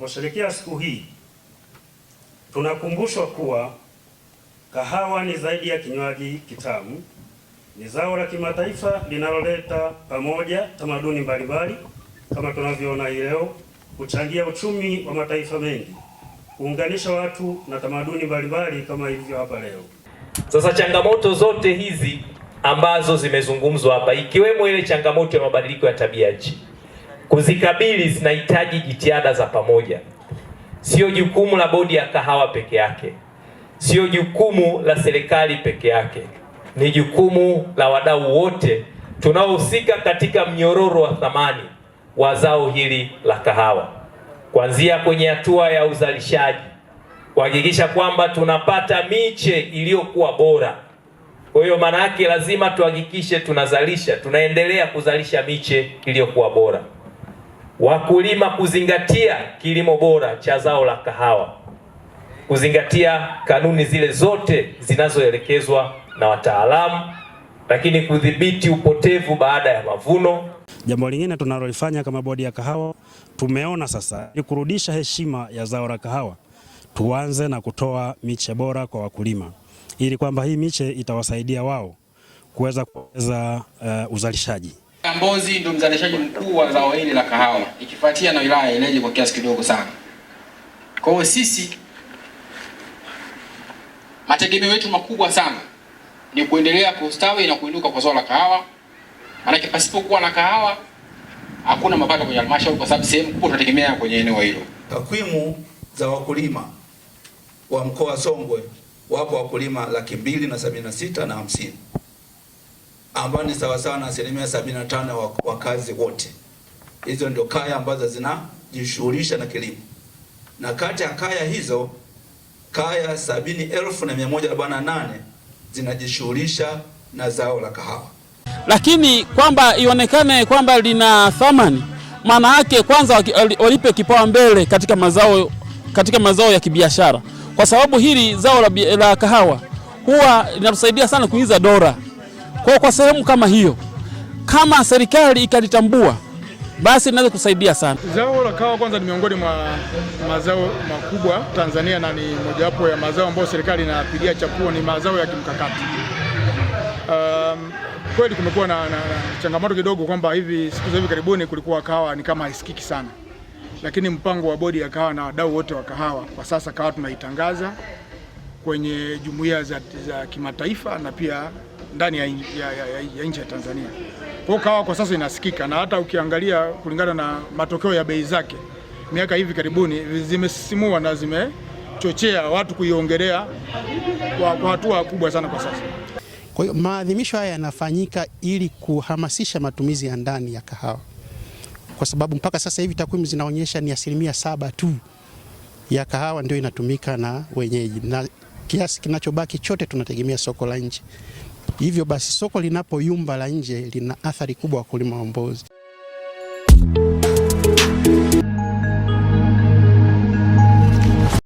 Tunaposherekea siku hii, tunakumbushwa kuwa kahawa ni zaidi ya kinywaji kitamu, ni zao la kimataifa linaloleta pamoja tamaduni mbalimbali kama tunavyoona hii leo, kuchangia uchumi wa mataifa mengi, kuunganisha watu na tamaduni mbalimbali kama ilivyo hapa leo. Sasa changamoto zote hizi ambazo zimezungumzwa hapa, ikiwemo ile changamoto ya mabadiliko ya tabia nchi Kuzikabili zinahitaji jitihada za pamoja, sio jukumu la bodi ya kahawa peke yake, sio jukumu la serikali peke yake, ni jukumu la wadau wote tunaohusika katika mnyororo wa thamani wa zao hili la kahawa, kuanzia kwenye hatua ya uzalishaji, kuhakikisha kwamba tunapata miche iliyokuwa bora. Kwa hiyo maana yake lazima tuhakikishe tunazalisha, tunaendelea kuzalisha miche iliyokuwa bora wakulima kuzingatia kilimo bora cha zao la kahawa, kuzingatia kanuni zile zote zinazoelekezwa na wataalamu, lakini kudhibiti upotevu baada ya mavuno. Jambo lingine tunalolifanya kama bodi ya kahawa, tumeona sasa ni kurudisha heshima ya zao la kahawa, tuanze na kutoa miche bora kwa wakulima, ili kwamba hii miche itawasaidia wao kuweza kuongeza uh, uzalishaji. Mbozi ndio mzalishaji mkuu wa zao hili la kahawa, ikifuatia na wilaya Ileje kwa kiasi kidogo sana. Kwa hiyo sisi mategemeo yetu makubwa sana ni kuendelea kustawi na kuinuka kwa zao la kahawa, maanake pasipokuwa na kahawa hakuna mapato kwenye halmashauri, kwa sababu sehemu kubwa tunategemea kwenye eneo hilo. Takwimu za wakulima wa mkoa Songwe, wapo wakulima laki mbili na sabini na sita na hamsini ambayo ni sawasawa na asilimia sabini na wakazi wote. Hizo ndio kaya ambazo zinajishughulisha na kilimo, na kati ya kaya hizo kaya sabini elfu na mia nane zinajishughulisha na zao la kahawa. Lakini kwamba ionekane kwamba lina thamani, maana yake kwanza walipe mbele katika mazao, katika mazao ya kibiashara, kwa sababu hili zao la, la kahawa huwa linatusaidia sana kuingiza dola kwa kwa sehemu kama hiyo, kama serikali ikalitambua, basi inaweza kusaidia sana. Zao la kahawa kwanza ni miongoni mwa mazao makubwa Tanzania na ni mojawapo ya mazao ambayo serikali inapigia chapuo, ni mazao ya kimkakati. Um, kweli kumekuwa na, na changamoto kidogo kwamba hivi siku za hivi karibuni kulikuwa kahawa ni kama haisikiki sana, lakini mpango wa bodi ya kahawa na wadau wote wa kahawa kwa sasa kahawa tunaitangaza kwenye jumuiya za, za kimataifa na pia ndani ya, ya, ya, ya nchi ya Tanzania. Kwa kahawa kwa sasa inasikika na hata ukiangalia kulingana na matokeo ya bei zake miaka hivi karibuni zimesimua na zimechochea watu kuiongelea kwa hatua kubwa sana kwa sasa. Kwa hiyo maadhimisho haya yanafanyika ili kuhamasisha matumizi ya ndani ya kahawa, kwa sababu mpaka sasa hivi takwimu zinaonyesha ni asilimia saba tu ya kahawa ndio inatumika na wenyeji, na kiasi kinachobaki chote tunategemea soko la nje. Hivyo basi soko linapoyumba la nje lina athari kubwa kwa wakulima wa mbuzi.